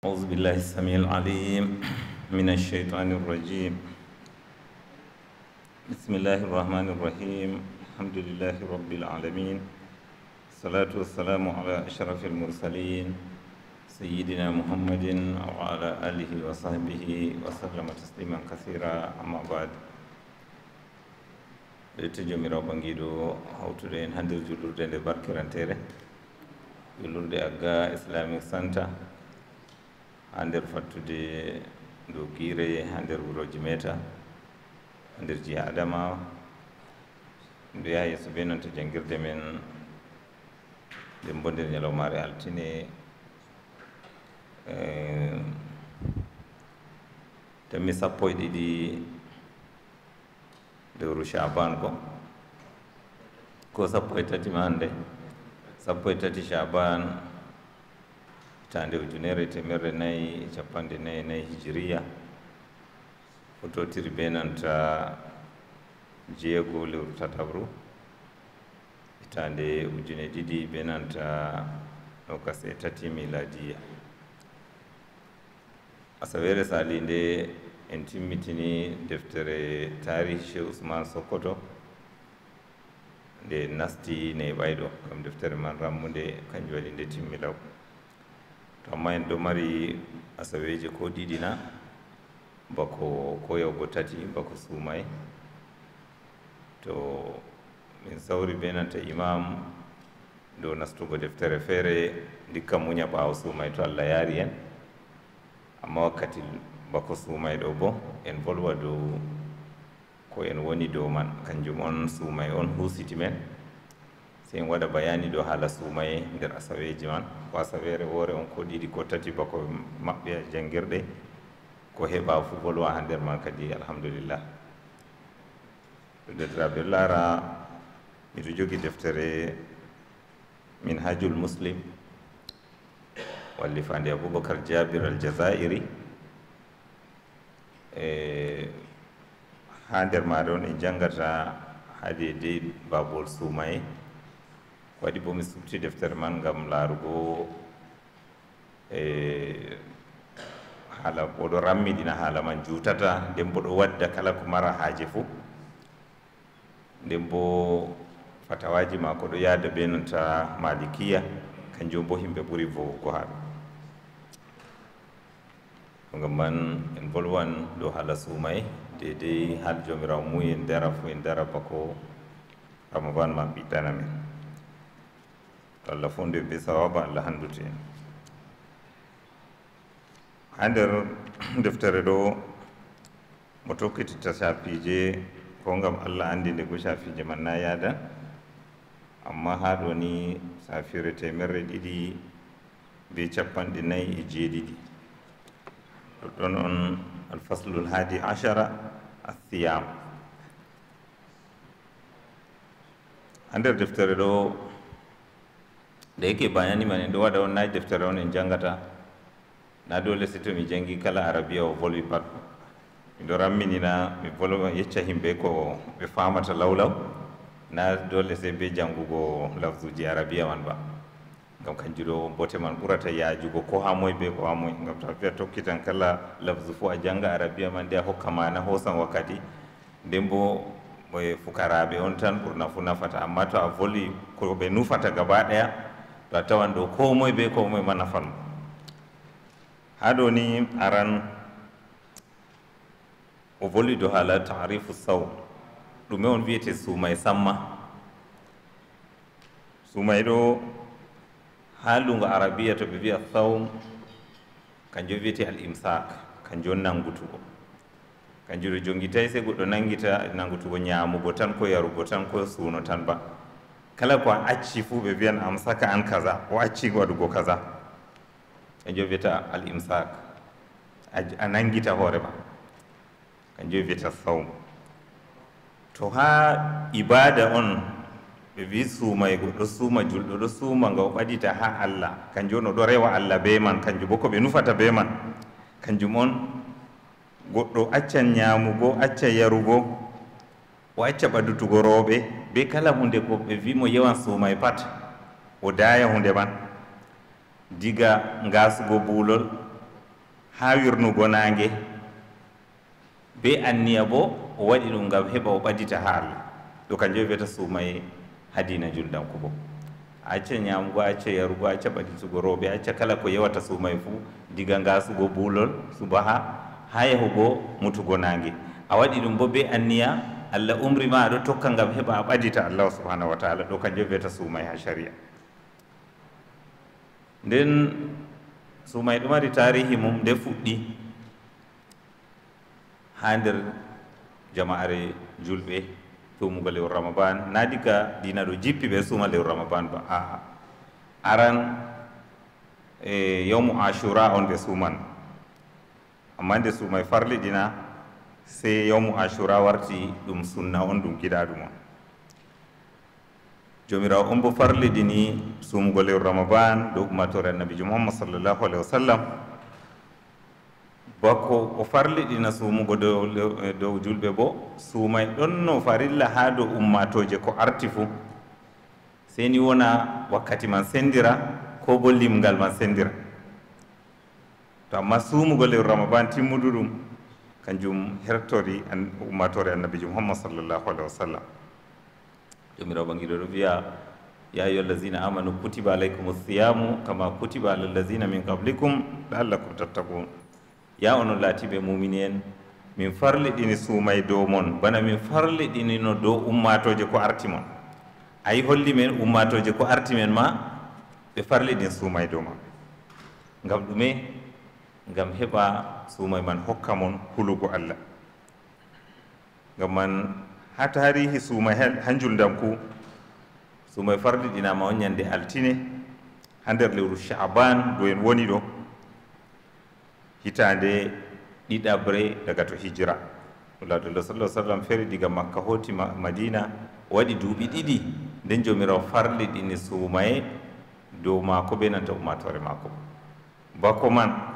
أعوذ بالله السميع العليم من الشيطان الرجيم بسم الله الرحمن الرحيم الحمد لله رب العالمين الصلاة والسلام على أشرف المرسلين سيدنا محمد وعلى آله وصحبه وسلم تسليما كثيرا أما بعد ete jomirawo bangiɗo hawtude en hannde jullurde البركة barkirantere jullurde agga إسلامي سانتا ha nder fattude dow guire ha nder wuroji meta ha nder jiha adama ndu yaha yesso be noon to jangirde men nden bo nder ñalawmare altine eh, tammi sappo e ɗiɗi lewru chaban ko ko sappo e tati ma hannde sappo e tati chaban tande ujunere temere nayi e capanɗe nai nayi hijiriya o totiri be nanta jeego lewru tatabru hitande ujune ɗiɗi be nanta nokas e tati miladiya asawere sali nde en timmitini deftere tarihi cheikh usman sokoto nde nasti ne ɓayɗo kam deftere man rammude kanjum waɗi nde timmilaw to amma en ɗo mari asaweji ko ɗiɗina bako ko yahgo tati bako suumay to min sawri be nanta imam dow nastugo deftere feere ndikka muña ɓaawo suumay to allah yaari en amma wakkati bako suumay ɗo bo en volwa dow ko en woni dow man kanjum on suumay on huusiti men sen waɗa bayani ɗo haala suumaye nder asaweji man ko asaweere woore on ko ɗiɗi ko tati bako maɓɓe jangirɗe ko heɓa fo bolwa ha nder man kadi alhamdoulillah ɗo derdiraɓe laara miɗo jogi deftere min hajul muslim wallifande aboubacar jabir aljazairi e ha nder maare on en jangata haade dey babol suumaye waɗi bo mi subti deftere man gam laarugo e haala oɗo rammiɗina haala man juutata nden bo ɗo wadda kala ko mara haaje fo nden bo fatawaji ma ko ɗo yaada be nonta malikiya kanjum bo himɓe ɓuri vowugo haaɗo ogam man en bolwan ɗo haala suumay dedei haal jomirawo mu en dara fo en dara bako ramaban ma ɓiɗɗana men allah fo nde be sawaba allah handute en ha nder deftere ɗo mo tokkititta safiije ko gam allah andi nde ko safiije man na yaada amma ha ɗo ni safire temerre ɗiɗi be capanɗe nayyi e jeeɗiɗi ɗoɗɗon on alfaslul haadi achara athiyam ha nder deftere ɗo da yake bayani mai da wada wannan daftar raunin jangata na dole sito mi jangi kala arabiya o volwi pat do rammini na mi volwa yecca himɓe ko ɓe famata lawlaw na dole sai be jangugo lafzuji arabiya man ba gam kan ɗo bote man ya yajugo ko ha moye be ko ha moye gam ta tokkitan kala lafzu fo a janga arabiya man nde a hokka mana hosan wakkati nden bo fukaraɓe on tan ɓurna fu nafata amma to a voli ko ɓe nufata gaba daya to a tawan ko moye be ko moye ma nafan ni aran o volwi dow haala tarifu saw ɗume on wiyete suumay samma suumay ɗo ha nga arabiya to ɓe wiya kanjo kanjum wiyete al imsak kanjo on nangutugo kanjum ɗo jongitay sey goɗɗo nangita nangutugo ñaamugo tan ko yarugo tan ko suuno tan ba kala ko acci fuu ɓe mbiyan am saka an kaza o acci waɗugo kaza kan jo wiyata al imsak a nangita hoorema kan jo wiyata sawm to haa ibada on ɓe wi suumay e goɗɗo suuma julɗo ɗo suuma nga o ɓadita haa allah kanjum on o ɗo rewa allah be man kanjum bo ko ɓe nufata be man kanjum on goɗɗo accan ñaamugo acca yarugo o acca ɓadutugo rooɓe be kala hunde ko ɓe wimo yewan suuma e pat o daaya hunde man diga ngasugo buulol ha wirnugo naange be anniya bo o waɗi ɗum ngam heɓa o ɓadita haa allah ɗo kanjum e wiyata suuma e hadina juldanko bo acca ñamugo acca yarugo acca ɓaɗitugo rooɓe acca kala ko yewata suuma fuu diga ngasugo buulol subaha ha yahugo mutugo naange a waɗi ɗum bo be anniya allah umri ma aɗo tokka gam heɓa a ɓadita allah subhanahu wa taala ɗo kanjum wiyata suumay ha sharia nden suumay ɗo mari tarihi mum nde fuɗɗi ha nder jama'are julɓe tumugo lewru ramaban na diga dina ɗo jippi ɓe suuma lewru ramaban ba a aran e yawmu ashura on ɓe suuman amma nde suumay farliɗina sey yawmu ashura warti ɗum sunna on ɗum kiɗa ɗum on jomirawo on bo farlidini sumugo lew ramadan ɗo ummatore annabijo muhammad sallllahu alahi wa sallam bako o farliɗina sumugo dow julɓe bo suumay ɗon no farilla ha dow ummatoje ko arti fuu sey ni wona wakkati man sendira ko bo limgal man sendira to amma sumugo lew ramadan timmudu ɗum kanjum hertori an ummatore annabijum mohammad sallllahu alahi wa sallam jomirawo ɓangiɗo ɗo wiya ya ayuha allazina amanu kutiba alaykum siyamu kama kutiba ala llazina min qablikum laallakum tattakun ya onon laatiɓe mumini en min farliɗini suumay dow mon bana min farliɗinino dow ummatoje ko arti mon ayi holli men ummatoje ko arti men ma ɓe farliɗin suumay dow maɓɓe ngam ɗume ngam heɓa suumay man hokka mon hulugo allah ngam man ha tarihi suumay ha juldanku suumay farliɗinama on ñande altine ha nder lewru chaban ɗo en woni ɗo hitande ɗiɗabre daga to hijira ulaadullah sala sallam feere diga makka hoti madina waɗi duuɓi ɗiɗi nden jomirawo farliɗini suumaye dow maako ɓe nanta ummatore maako bako man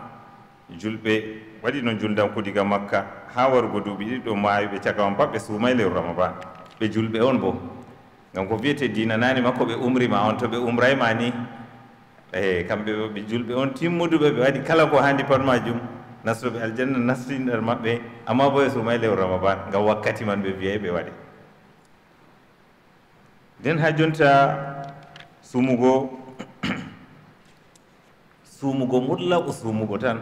julɓe waɗi no juldankudiga makka ha wargo duuɓi ɗiɗi ɗo maawi ɓe caka on pat ɓe suumay lewru ramadan ɓe julɓe on bo ngam ko wiyete dinanani makko ɓe umrima on to ɓe umrayma ni e kamɓe ɓe julɓe on timmuduɓe ɓe waɗi kala ko handi pat majum nastoɓe aljanna nasti nder maɓɓe amma bo e suumay lewru ramadan ngam wakkati man ɓe wiyay ɓe waɗe nden ha jonta sumugo sumugo mulla o sumugo tan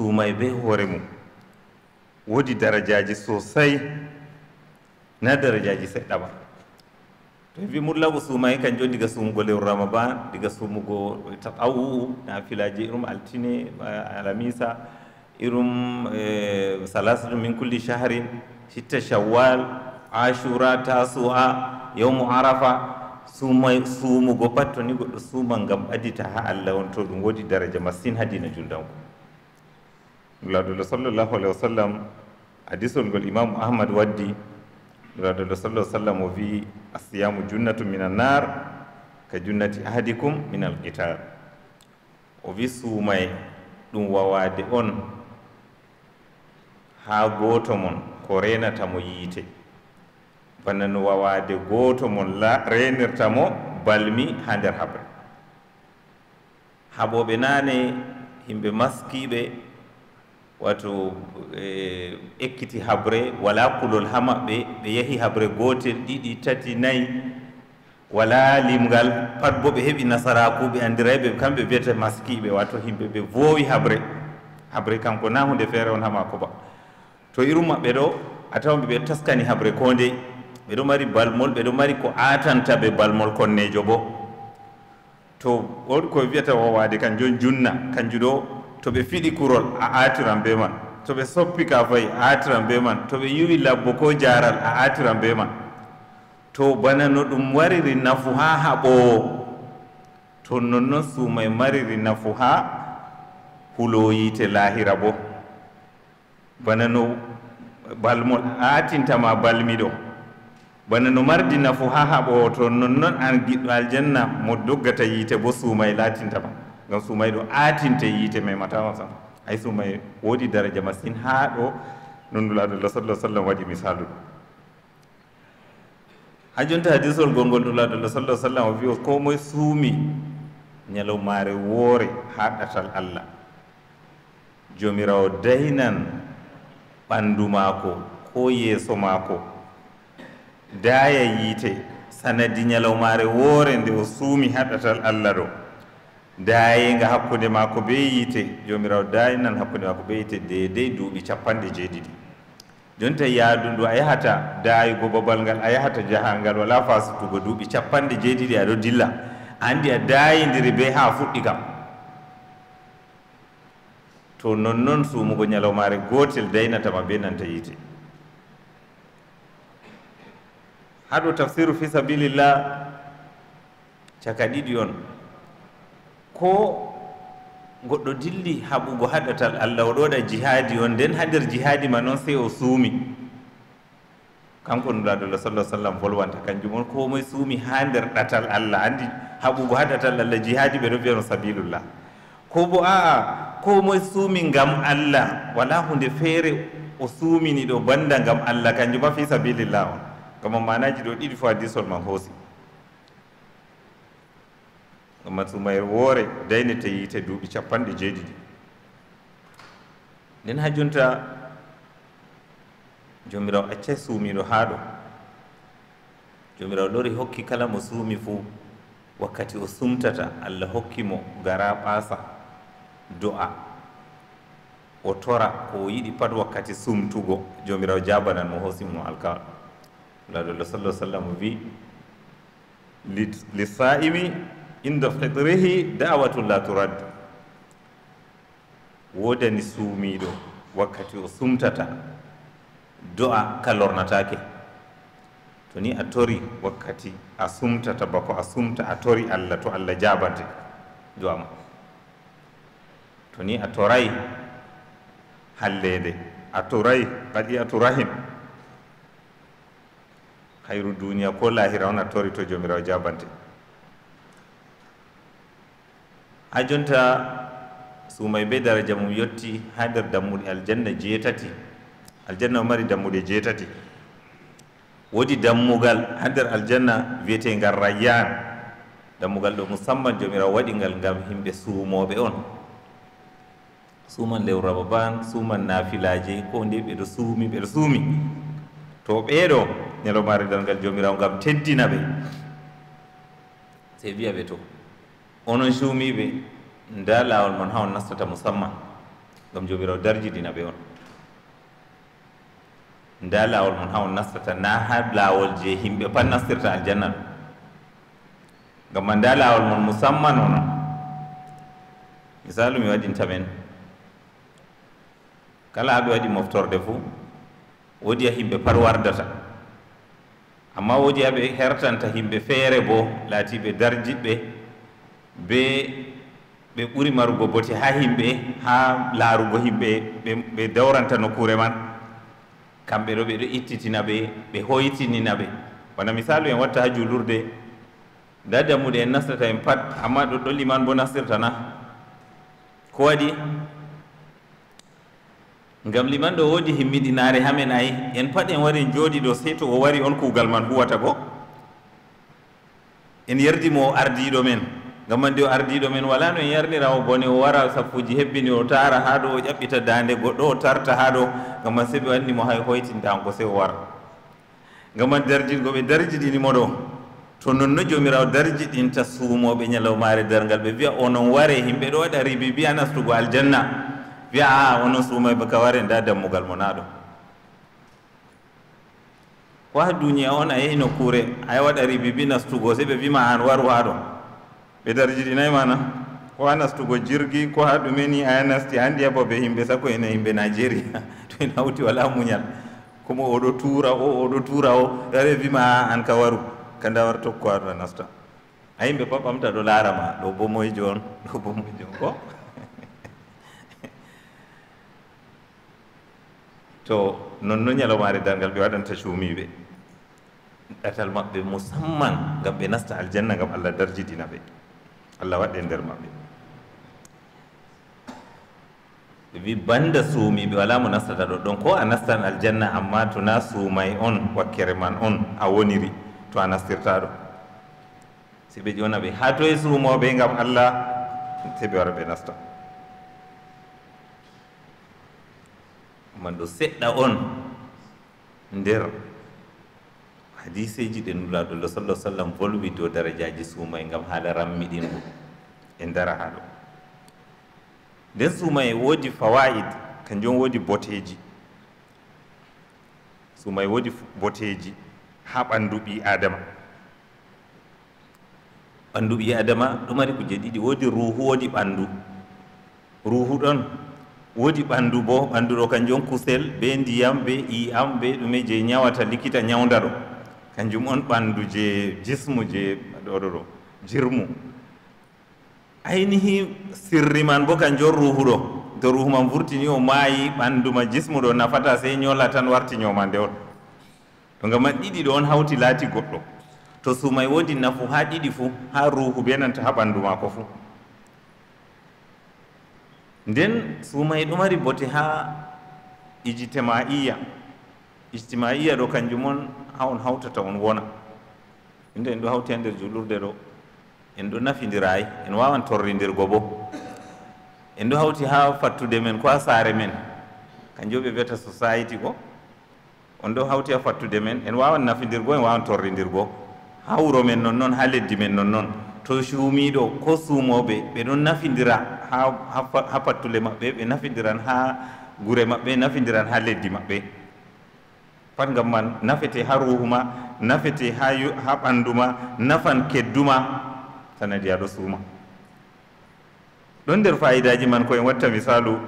suumay be hoore mum woodi darajaji sosay na darajaji seɗɗa ma to wi mullago suumay kan joni diga sumugo lewru ramadan diga sumugo taqawu na filaji irum altine eh, alamisa irum eh, salasatu min culli chahrin sitta shawal ashura tasu'a yawmu arafa suumay suumugo pat to ni goɗɗo suuma gam addita ha allah won to ɗum woodi daraja massine hadina juldanko lorɗoɗo sallllahu alahi wa sallam hadisol ngol imamu ahmad waddi lorɗoɗo sallah sallam o wi asiyamu junnatu min annar ka junnati ahadikum min alqitar o wi suumay ɗum wawade on haa gooto mon ko renata mo yiite banna no wawade gooto mon la renirta mo balmi haa nder haɓre haɓooɓe naane yimɓe maskiiɓe wato e, ekkiti habre wala kulol ha maɓɓe ɓe yahi habre gotel ɗiɗi tati nayyi wala limgal pat bo ɓe heɓi nasaraku ɓe andiraɓe kamɓe biyata maskiɓe wato himɓe ɓe vowi habre habre kanko na hunde feere on ha mako ba to irum maɓɓe ɗo a tawan ɓeɓe taskani habre ko ndey ɓeɗo mari balmol ɓeɗo mari ko atanta ɓe balmol konnejo bo to on ko wiyata wowade kan joni junna kanjuɗo to ɓe fiɗi kurol a aatiran be man to ɓe soppika fayi a aatiran be man to ɓe yuwi labbo ko jaaral a aatiran be man to bana no ɗum wariri nafu haa haɓowo to nonnon suumay mariri nafu haa huloyiite laahira bo bana no balmol a aatintama balmiɗo bana no mardi nafu haa haɓowo to nonnon an giɗɗo aljanna mo doggata yiite bo suumay laatintama gam suumay ɗo aatinte yiite may matama tan hay suumay woodi daraja masine haa ɗo nonndulaaɗo lah sallah sallam waɗi misalu ɗum ha jonta hadisol gonngol nulaaɗo lah sallah sallam o wiio ko moye suumi ñalowmaare woore haa ɗatal allah joomirawo daynan ɓanndu maako ko yeeso maako daaya yiite sanadi ñalowmaare woore nde o suumi haɗatal allah ɗo dayinga hakkude ma ko be yiite jomirawo dayinan hakkude ma ko be yiite dedey duuɓi capanɗe jeeɗiɗi jonta yaadum ɗu a yahata dayigo babal ngal a yahata jahal ngal wala fasutugo duuɓi capanɗe jeeɗiɗi aɗo dilla andi a dayidiri be ha fuɗɗi kam to nonnoon sumugo ñalawmare gotel daynatama be nanta yiite haɗo tafsiru fi sabilillah caka ɗiɗi on ko goɗɗo dilli haɓugo haɗatal allah o ɗoɗa jihaadi on nden ha nder jihaadi ma noon sey o suumi kanko nulaɗola salah sallam volwanta kanjum on komoye suumi ha nder ɗatal allah andi haɓugo haɗatal allah jihaadi ɓe ɗo mbiya no sabilullah ko bo aa komoye suumi ngam allah wala hunde feere o suumini ɗo banda ngam allah kanjuma fi sabilillah on kamo manaji ɗo ɗiɗi fo adisol ma hoosi matsumayar wore daina ta yi ta dubi capanɗe jeeɗiɗi nden hajunta jonta jomirawo accay suumiɗo haa ɗo lori hokki kala mo suumi fuu wakkati o sumtata allah hokki mo gara ɓaasa do'a o tora ko o yiɗi pat wakkati sumtugo jomirawo jabanan mo hoosimo alkawal laɗollo sallah sallam o wi lisa'imi inda fitrihi da'watun la turad wodani suumiɗo wakkati o sumtata do'a kalornatake lornatake to ni a tori wakkati a sumtata bako a sumta a tori allah to allah jabante do'a ma to ni a toray hallede a toray kadi a turahim hayru duniya ko lahira on a tori to jomirawo jabante ha jonta suumay be daraja mum yetti ha nder dammuɗe aljanna jeetati aljanna o mari dammuɗe jeetati woodi dammugal ha nder aljanna wiyete ngal rayyan dammugal ɗo musamman jomirawo waɗi ngal ngam yimɓe suumoɓe on suuman lewru ramaban suuman naafilaji ko nde ɓeɗo suumi ɓeɗo suumi to ɓeeɗo nelomaridal ngal jomirawo ngam teddina ɓe sei wiyaɓe to onon cuumiiɓe nda laawol mon haa on nastata musamman ngam joomiraw darjidina ɓe on nda laawol mon haa on nastata naa haa laawol je yimɓe pat nastirta aljanna ɗum ngam ma nda laawol mon musamman ono misalu mi waɗinta men kala aɓe waɗi moftorde fuu woodi a yimɓe pat wardata amma woodi aɓe hertanta yimɓe feere boo laatiiɓe darjiɓɓe be ɓe ɓuri marugo bote ha himɓe ha laarugo himɓe ɓe dawranta nokkure man kamɓe ɗo ɓeɗo ittitina ɓe ɓe hoytinina ɓe wona misalu en watta ha julurde nda dammuɗe en nastata en pat amma ɗo ɗo liman bo nastirtana ko waɗi ngam liman ɗo woodi himmiɗinaare hamen ayi en pat en wari jooɗi ɗo sey to o wari on kuugal man huwata bo en yerdimo o ardiɗo men gam andi o ardiɗo men wala no en yarnira o bone o wara sappuji hebbini o tara ha ɗo o ƴaɓɓita dande goɗɗo o tarta ha ɗo gam an seɓe wanni mo hay hoytintanko sey o wara gam an darjingo ɓe darjiɗinimo ɗo to nonno jomirawo darjiɗinta suumoɓe ñalawmare dargal ɓe wiya onon ware himɓe ɗo waɗa ribi biya nastugo aljanna wiya a onon suumay ɓe ka ware nda dammugal mo na ɗo ko ha duniya on a yehino kuure a waɗa ribi bi nastugo se ɓe wima an waru ha ɗon ɓe darjiɗi nayi mana ko ha nastugo jirgi ko ha ɗumeni aya nasti handi a babe himɓe sakko ene yimɓe nigéria to en hawti wala muñal comme oɗo tuura o oɗo tuura o yare wima an ka waru kanda war tokko aɗo a nasta a yimɓe pat ɓamta ɗo laarama ma ɗo bo moyjo e on ɗo bo moyjo e on ko to non no ñalawmaare darngal ɓe waɗanta cuumiiɓe ɗatal maɓɓe musamman ngam ɓe nasta aljanna ngam allah darjidina ɓe allah waɗ e nder maɓɓe ɓe wi bande suumiɓe wala mo nastata ɗo ɗon ko a nastan aljanna amma tona suumay on wakkere man on a woniri to a nastirta ɗo si ɓe ƴona ɓe ha toye suumoɓe gam allah se ɓe wara ɓe nasta man ɗo seɗɗa on nder hadiseji ɗe nula ɗo sallah sallam volwi dow darajaji suumaye gam haala rammiɗin ɗum e dara ha ɗo nden suumaye woodi fawaid kanjum woodi boteji suumaye woodi boteji ha ɓandu ɓi adama ɓandu ɓi adama ɗo mari kuje ɗiɗi woodi ruhu woodi ɓandu ruhu ɗon woodi ɓandu bo ɓandu ɗo kanjum kusel be ndiyam be i am be ɗume je ñawata likita ñawda ɗo kanjum on ɓanndu je jisme je ɗoɗo ɗo jirmu aynihi sirri man bo kanjo ruhu ɗo to ruhu man vurtini o maayi ɓannduma jisme ɗo nafata sey ñola tan warti ñoma nde on to ngama ɗiɗi ɗo on hawti laati goɗɗo to suumay woodi nafu haa ɗiɗi fuu haa ruhu be nanta haa ɓanndu maako fuu nden suumay ɗo mari bote haa ijitemaiya ijtimaiya ɗo kanjum on ha on hawtata on wona inde en ɗo hawti ha nder julurde ɗo en ɗo nafidiray en wawan torridirgo bo en ɗo hawti ha fattude men ko ha saare men kanjo ɓe wiyata society ko on ɗo hawti ha fattude men en wawan nafidirgo en wawan torridirgo ha wuro men non noon ha leddi men non noon to suumiɗo ko suumoɓe ɓe ɗon nafidira ha ha fattule maɓɓe ɓe nafidiran ha gure maɓɓe nafidiran ha leddi maɓɓe pat gam man nafete ha ruhuma nafete ha ha ɓanduma nafan kedduma tanadi aɗo suuma ɗon nder fayidaji man koyen watta misalu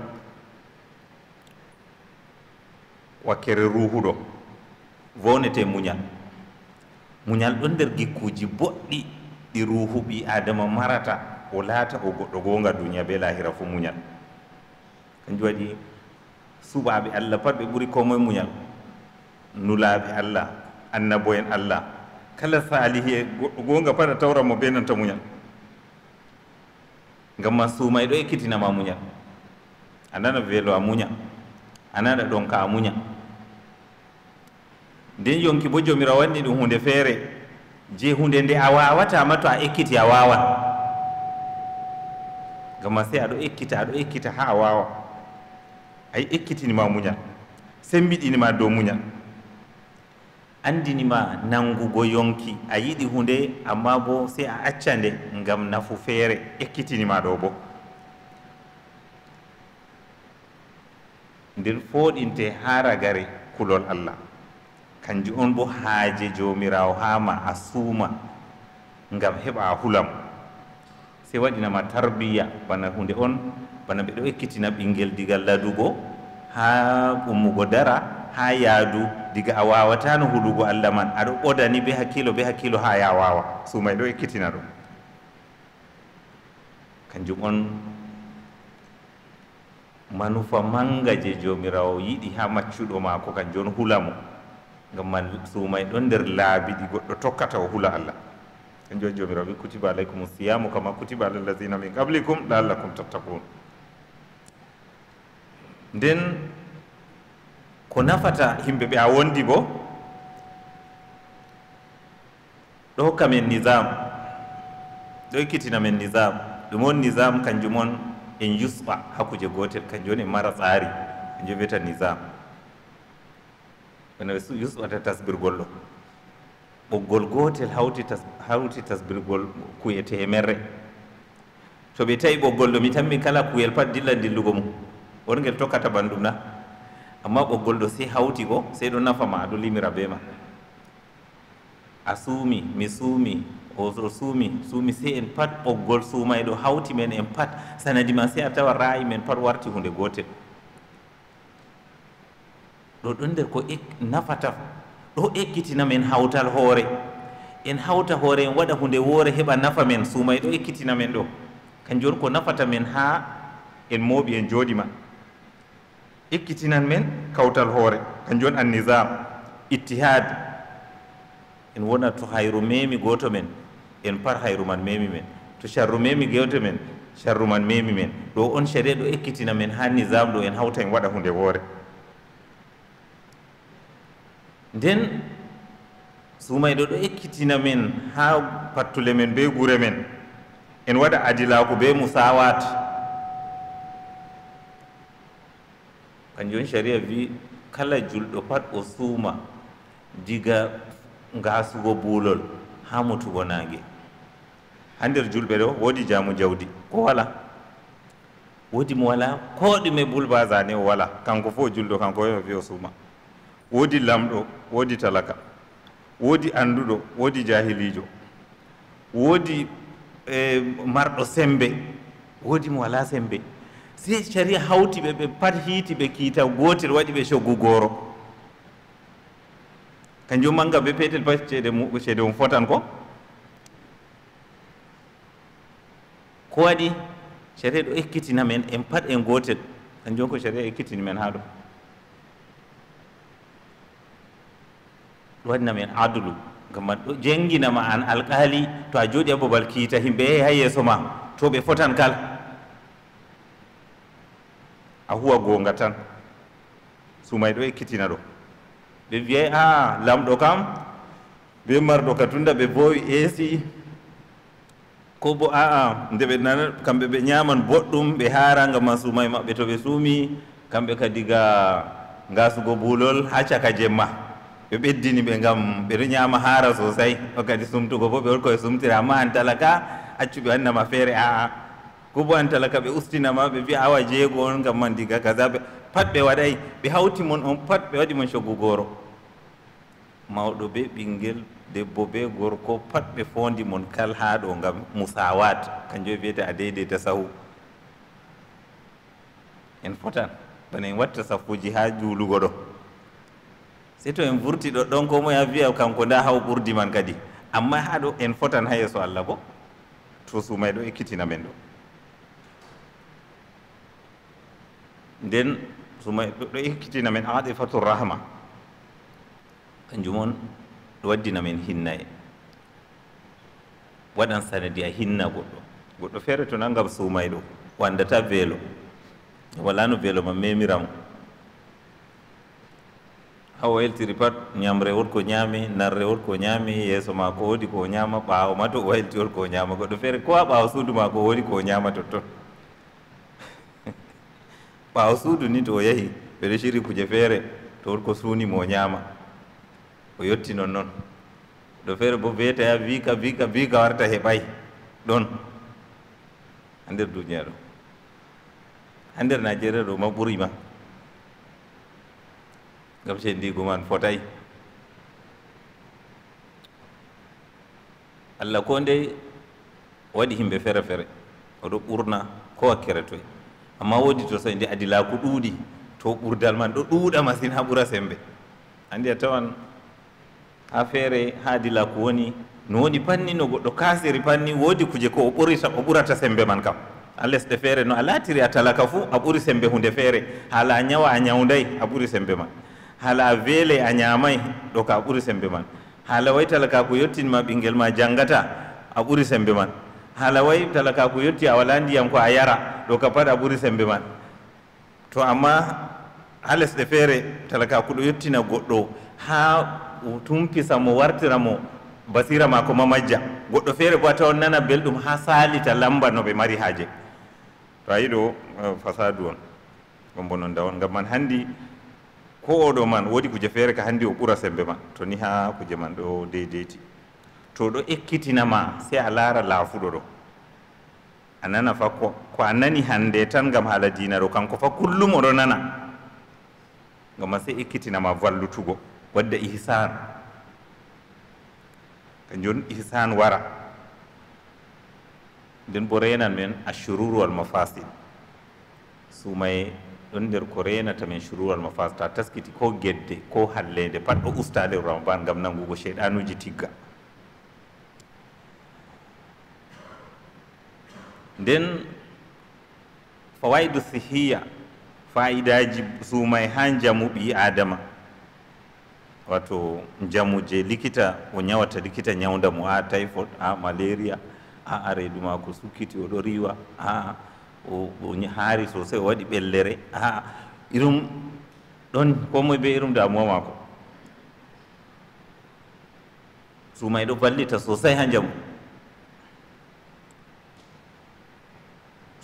wakkere ruhuɗo vownete muñal muñal ɗon nder gikkuji boɗɗi ɗi ruhu ɓi adama marata o laata o goɗɗo gonga duniya be lahira fo muñal kanjum waɗi suɓaɓe allah pat ɓe ɓuri komoye muñal nulaaɓe allah annabo en allah kala saalihi e goonga pat a tawranmo benanta muñal ngam ma suumay ɗo ekkitinama muñal a nana weelo a muña a nana ɗon ka a muña nden yonki bo joomira wanni ɗum hunde feere je hunde nde a waawata ma to a ekkiti a waawa ngam ma se aɗo ekkita aɗo ekkita haa a waawa ay ekkitinima muñal sembiɗinima dow muñal andinima nangugo yonki a yiɗi hunde amma bo sey a acca nde ngam nafu feere ekkitinima ɗo bo nder fooɗinte ha ragare kulol allah kanju on bo haaje jomirawo hama a suuma ngam heɓa hulam sey waɗinama tarbiya bana hunde on bana ɓeɗo ekkitina ɓingel diga ladugo ha ummugo dara ha yaadu diga a wawatano huɗugo allah man aɗa ɓodani be hakkilo be hakkilo ha ya wawa sumay ɗo ekkitina ɗum kanjum on manufa manga je jomirawo yiɗi ha maccuɗo mako kanjum on hulamo gam man sumay ɗon nder laabi ɗi goɗɗo tokkata o hula allah kanjum on jomirawo wi kutiba alaykum siyamu kama kutiba ala llazina min qablikum laallakum tattakun nden ko nafata himɓe ɓe a wondi bo ɗo hokka men nisam ɗo ekkitina men nisam ɗum on nisam kanjum on en yusɓa hakkuje gotel kanjum on en mara tsari kanjum wiyata nisam ene yusɓata tasbirgol ɗo ɓoggol gotel hawti hawti tasbirgol kuye temerre e to ɓe tawi ɓoggol ɗo mi tanmi kala kuyel pat dilla dillugo mum wongel tokkata banɗum na amma ɓoggol ɗo sey hawti ko sey ɗo nafama aɗo limira be ma a suumi mi suumi oo suumi suumi sey en pat ɓoggol suumay ɗo hawti men en pat sanadi ma sey a tawa raayi men pat warti hunde gootel ɗo ɗon nder ko nafata ɗo ekkitina men hawtal hoore en hawta hoore en waɗa hunde woore heɓa nafa men suumay ɗo ekkitina men ɗo kanjum on ko nafata men haa en mooɓi en jooɗi ma ekkitinan men kawtal hoore kanjum woni annisam ittihad en wona to hayru memi goto men en par hayru man memi men to sharru memi gewte men sharru man memi men ɗo on sharia ɗo ekkitina men ha nisam ɗo en hawta en waɗa hunde woore nden sumayɗo ɗo ekkitina men ha pattule men be gure men en waɗa adilaku be musawat kanjon sharia wi kala julɗo pat o suuma diga ngasugo buulol ha mutugo naange ha nder julɓe ɗo wodi jamu jawdi ko wala wodi mo wala ko ɗume bulbasane o wala kanko fof julɗo kanko o fi o suuma wodi lamɗo wodi talaka wodi anduɗo wodi jahilijo woodi eh, marɗo sembe woodi mo wala sembe se caria hawti ɓe ɓe pat hiiti ɓe kiita gootel waɗi ɓe coggu gooro kanjum manga ɓe peetel pa ceede mu ceede mum fotan ko ko waɗi caria ɗo ekkitina men en pat en gootel kanjum ko caria ekkitini men haa ɗo ɗo waɗina men adulu gamma ɗo jenginama an alkaali to a jooɗi a babal kiita himɓe yehi ha yeeso ma to ɓe fotan kala a huwa goonga tan sumay ɗo ekkitina ɗo ɓe wiyay a lamɗo kam be marɗo ka tunda ɓe boowi eesi ko bo aa nde ɓe nana kamɓe ɓe ñaaman boɗɗum ɓe haaranga ma suumay maɓɓe to ɓe suumi kamɓe ka diga ngasugo buulol ha caka jemma ɓe ɓeddini ɓe ngam ɓeɗo ñaama haara sosay o kadi sumtugo bo ɓe wotkoye sumtire amma an talaka accuɓe annama feere aa gubantala ka ɓe ustinama ɓe mbiya awa jeego on gam mandiga kasa ɓe pat ɓe waɗay ɓe hawti mon on pat ɓe waɗi mon coggu gooro mawɗo be ɓinguel debbo be gorko pat ɓe fondi mon kal haa ɗo gam moussawat kanjum e wiyete a deyde tasahu en fotan bana en watta safuji haa juulugo ɗo si to en vurti ɗo ɗon ko moye a wiya kanko nda haw ɓurdi man kadi amma haa ɗo en fotan ha yeeso allah bo to suumay ɗo ekkitina men ɗo nden soma ɗo ekkitina men aade fatur rahma kanjum on ɗo waddina men hinna e waɗan sanadi a hinna goɗɗo goɗɗo feere to nangam suumay ɗo o anndata weelo wala no weelo ma memiram ha o weltiri pat ñamre wotko ñaami narre wotko ñaami yeeso ma ko woodi ko ñaama ɓaawo ma to o waylti wotko ñaama goɗɗo feere ko a ɓaawa suudu ma ko woodi ko ñaama totton ɓaawo suudu ni to o yahi ɓeɗo ciri kuje feere to wonko suuni mo o ñaama o yetti non noon ɗo feere bo beetaya wiika wiika wiika warta heɓay ɗon ha nder duña ɗo ha nder nigéria ɗo ma ɓurima gam ce ndigu man fotay allah ko nde waɗi yimɓe fere fere oɗo ɓurna ko wakkere toye amma woodi to sai ndi adi laaku ɗuuɗi to burdal man ɗo duuda masin haa ɓura sembe andi a tawan haa feere haa adi laaku woni no woni panni no goɗɗo kasiri panni woodi kuje ko o ɓurita burata sembe man kam alles lesɗe feere no a laatiri a talaka fuu a buri sembe hunde feere haala nyawa a ñawndayi a ɓuri sembe man haala a weele a nyamai do ka a sembe man haala way talaka ko ma bingel ma janngata a buri sembe man halawai talaka ku yetti a wala ndiyam ko a yara ɗo ka pat a ɓuri sembe man to amma ha lesɗe feere talaka kuɗo yettina goɗɗo ha tumpisa mo wartira mo basira mako mamajja goɗɗo feere bo a tawan nana belɗum ha salita lamba no ɓe mari haaje to a yiɗo eh, fasadu on ɗon bononda on ngam man hanndi ko oɗo man woodi kuje feere ka hanndi o ɓura sembe ma to ni ha kuje man ɗo deydeyti to ɗo ekkitinama sey a laara laafuɗo ɗo anana fa ko anani hande tan gam hala dina ro kanko fa kullum ro nana ikiti na ma vallutugo wadda ihsan kanjum ihsan wara din bo men ashururu wal mafasid sumai don nder ko renata men shururu wal mafasid ta taskiti ko gedde ko hallede pat do usta ramban gam nangugo cheyɗanuji tigga nden fawaidu sihiya fa'idaji su mai han jamu ɓi adama wato jamu je likita o nyawata likita nyawda mo a ah, typhoid a ah, malaria a ah, a reedu maako sukkiti oɗo riwa a o haari sosai o waɗi ɓellere a irum ɗon komoye be irum damuwa mako sumay ɗo vallita sosai ha jamu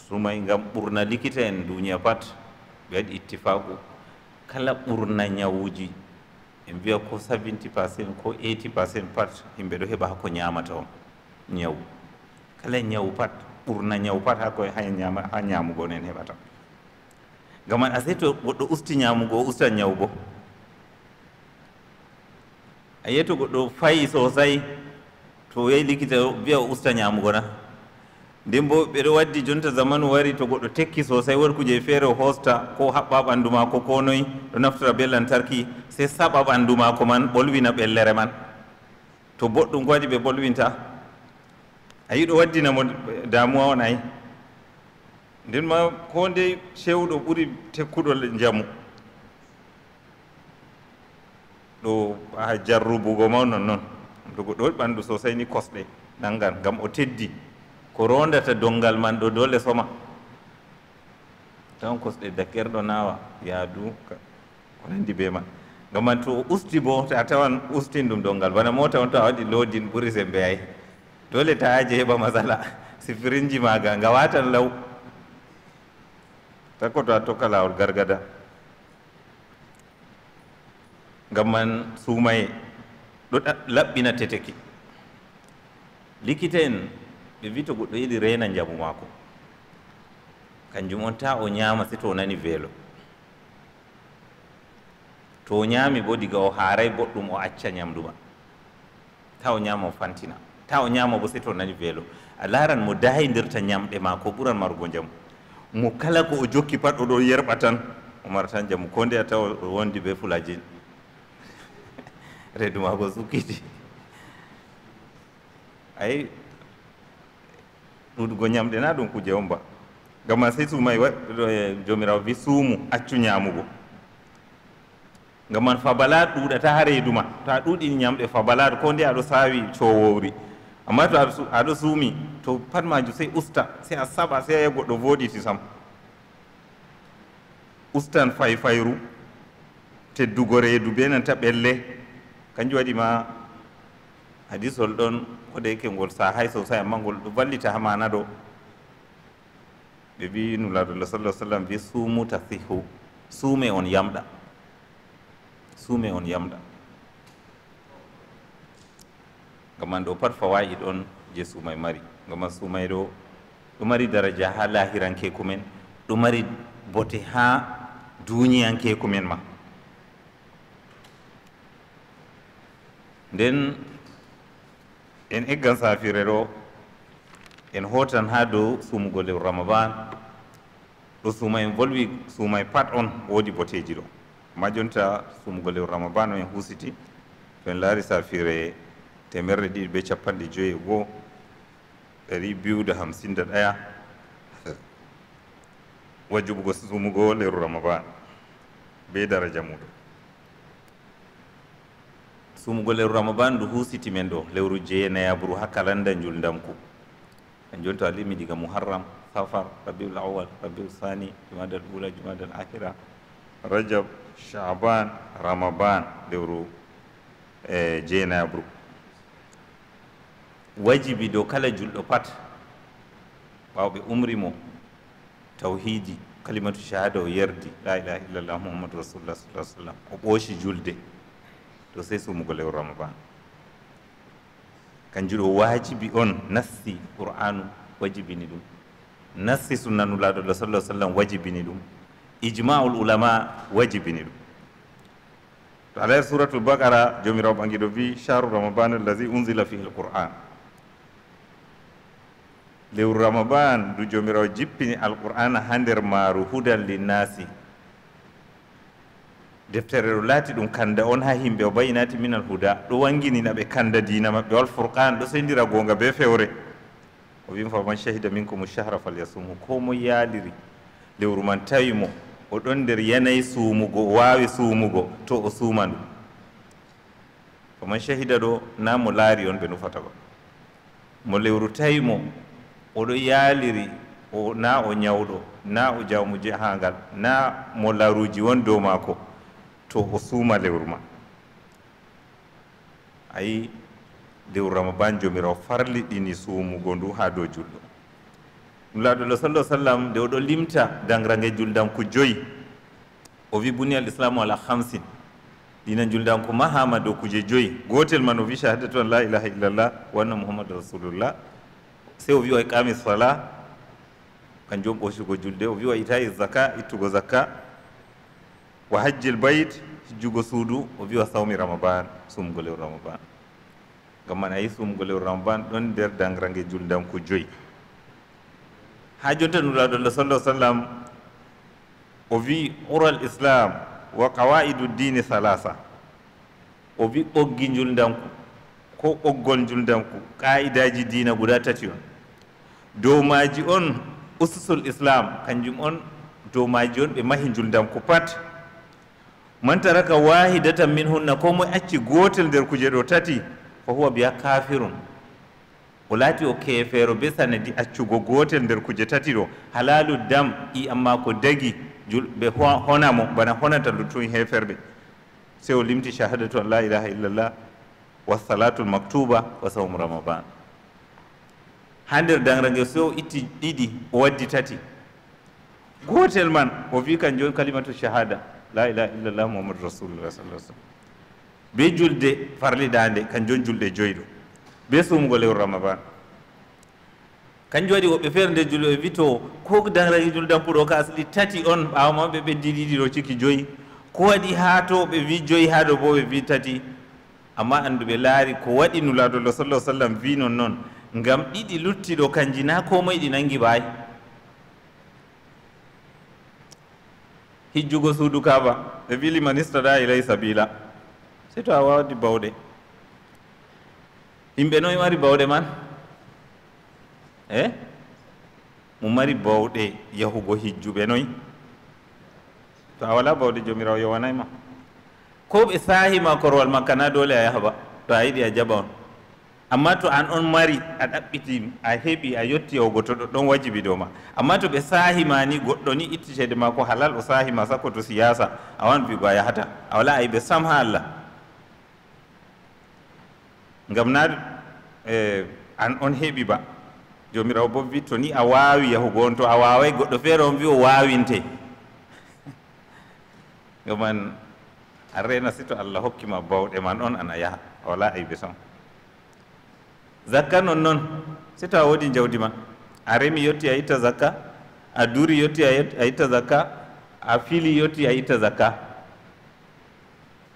sumay ngam ɓurna likita en duniya pat ɓe waɗi ittifaqu kala ɓurna ñawuji en mbiya ko sabinti pacent ko eighty pacent pat yimɓe ɗo heɓa hako ñamata on ñawu kala ñawu pat ɓurna ñawu pat hako haa ha ñamugo on en heɓata ngam an asei to goɗɗo usti ñamugo o ustan ñawu bo a yiyi to goɗɗo fayi sosay to yehi likita mbiya o usta ñamugo na nden bo ɓeɗo waddi jonta zamanu wari to goɗɗo tekki sosai wari kuje feere hosta ko haɓɓa ɓanndu maako ko noyi ɗo naftora be lantarki sey saɓa ɓanndu maako man ɓolwina ɓellere man to boɗɗum ko waɗi ɓe ɓolwinta ayi ɗo waddina mo damuwa on ayi nden ma ko ndey sewɗo ɓuri tekkuɗo njamu ɗo ha jarrubugo maw non noon ɗo goɗɗo waɗi ɓanndu sosai ni kosɗe nanngan ngam o teddi ko rondata dongal man ɗo dow leso ma tan kosɗe dakerɗo nawa yaadu ko nandi be ma gam man to usti bo ta tawan ustin ɗum dongal bana mota on to a waɗi lodin ɓuri sembe ay dole ta aji heɓa masala sifirinji maga nga watan law takko to a tokka lawol gargada gam man suumaye ɗo laɓɓina teteki likita en ɓe wi to goɗɗo yiɗi reena njamu maako kanjum on ta o nyama se to nani weelo to nyami bo diga o haaray boɗɗum o acca ñamduma ta o nyama o fantina ta o nyama bo si to nani weelo a laran mo dayidirta ñamɗe ma ko ɓuran margo njamu mo kala ko o jokki pat oɗo yerɓa tan o mara tan jamu ko nde a taw o wondi be fulaji reedu mako sukkiti ayi ɗuɗugo ñamɗe na ɗum kuuje omba gam ma sey suuma e waɗɗo e joomirawo wi suumu accu ñaamugo gam man fabalaɗo ɗuuɗata ha reedu ma to a ɗuuɗini ñamɗe fabalaɗo ko nde aɗo saawi coowowri amma to aɗo suumi to pat maju sey usta sey a saɓa sey aya goɗɗo vooɗiti sam ustan fay fayru teddugo reedu be nanta ɓelle kanjum waɗi ma hadisol ɗon koɗe ke ngol sa hay sosai amma ngol ɗo vallita ha manaɗo ɓe mbi nulaadullah sallah sallam mbi suumu tasihu suume on yamɗa suume on yamɗa ngam an ɗo pat fawayid on je suumay mari ngam a suumay ɗo ɗo mari daraja ha lahirankeku men ɗo mari bote ha duñiyankeku men ma nden en iggan safire ɗo en hotan ha dow sumugo lew ramadan ɗo suma en volwi suma e pat on wodi boteji ɗo majonta sumugo lew ramadan o en husiti to en laari safire temerre ɗiɗi ɓe capanɗe joyi e goo ɗari biwda hamsinda ɗaya wajjubugo sumugo lewru ramadan be daraja muɗum sumugo lewru ramadan ndu huusiti men ɗo lewru jeyenayaburu hakkalanda njuldamku en joni to a limi diga muharram safar rabiul awal rabiul sani jumadal ula jumadal ahira rajab chaban ramadan lewru e jeyenayaburu wajibi dow kala julɗo pat ɓawɓe umrimo tawhidi kalimatu shahada o yerdi la ilaha illallah muhammadou rasulullah sa sallam o ɓooshi julde ɗo sey sumugo lewru ramadan kanju ɗo wajibi on nasti qur'anu wajibini ɗum nasti sunnanulaɗo ɗo sallah sallam wajibini ɗum ijmaul ulama wajibini ɗum to alaya suratul bakara jomirawo ɓangiɗo wi charu ramadan allahi unzila fihi l qur'an lewru ramadan du jomirawo jippini alqur'an ha nder maaru hudan linnasi deftere ɗo laati ɗum kanda on ha himɓe o bayinati minal huda ɗo wanginina ɓe kanda dina maɓɓe wal furqan ɗo sendira gonga be fewre o wim fa man shahida minkum shahra falyasumu ko mo yaaliri lewru man tawi mo o ɗon nder yanayi suumugo waawi suumugo to o suuma ndu fa man shahida ɗo na mo laari on ɓe nufata ba mo lewru tawi mo oɗo yaaliri o na o ñawɗo na o jawmu jahangal na mo laruuji won dow maako to o suuma lewru ma ayi lewru ramaban jomirawo farliɗini sumugo ndu ha dow julɗo ɗum laaɗolo sallah sallam nde oɗo limta dangrange juldanku joyi o wi buni al islamu ala hamsin ɗina juldanku mahama dow kuje joyi gotel man o wi shahadatu an la ilaha illallah wanna mouhammadou rasulullah sey o wi o iqami sala kanjum ɓosugo julde o wi o i zaka ittugo zakka wa hajjil bayit jugo suudu o wiwa sawmi ramaban sumgo lewru ramaban gam man a yi sumgo lewru ramaban ɗon nder dangrange juldam ko joyi ha jonta nuɗa ɗolla sall ah sallam o wi ural islam wa qawaidu dine salasa o wi ɓoggi juldanku ko ɓoggol juldanku qa'idaji dina guda tati on dow maji on ususul islam kanjum on dow maji on ɓe mahi juldanku pat man taraka wahidatan minhunna ko moye acci gotel nder kuje ɗo tati fa huwa biya kafirun o laati o kefero be sanadi accugo gotel nder kuje tati ɗo halalu dam i amma ko dagi julɓe hona mo bana honata luttun heferɓe se o limti shahadatu an la ilaha illallah wasalatu l maktuba wa sawmu ramadan hander nder dangrage so o itti ɗiɗi o waddi tati gotel man o vi kan joni kalimatu shahada la ilaha illallah mouhamadou rasulullah salah sallam be julde farliɗande kan joni julɗe joyi ɗo be sumugo lewru ramadan kanjum waɗi woɓɓe feere nde julɓe wito ko danraki juldampuɗo ka asli tati on ɓawa maɓɓe ɓeddi ɗiɗi ɗo cikki joyi ko waɗi ha to ɓe wi joyi ha ɗo bo ɓe wi tati amma anduɓe laari ko waɗi nulaadullah sallah sallam wi non noon gam ɗiɗi lutti ɗo kanji na komoyi ɗi nangui mbawi hijjugo suudu kaaba ɓe wili man istada ilay sabila sey to a wawdi bawɗe yimɓe noon mari bawɗe man e mo mari bawɗe yahugo hijjuɓe noyi to a wala bawɗe jomirawo ma ko ɓe sahima korwal makka na dole a yaha ba to a yiɗi a jaɓa on amma to an on mari a ɗaɓɓiti a heɓi a yetti yawgo to ɗo ɗon wajibi dow ma amma to ɓe sahima ni goɗɗo ni itti ceede ma ko halal o sahima sakko to siyasa a wan bigo a yahata a wala ayi ɓe sam ha allah ngam na eh, an on heɓi ba jomirawo bo wi to ni a wawi yahugo on to a wawai goɗɗo feere on wi o wawinte gaman a rena si to allah hokkima bawɗe man on an a yaha a wala ayi ɓe sam zakka non si tawa woodi jawdi ma a remi yetti a yoti zakka a afili yetti a zaka zakka a fili yetti a itta zakka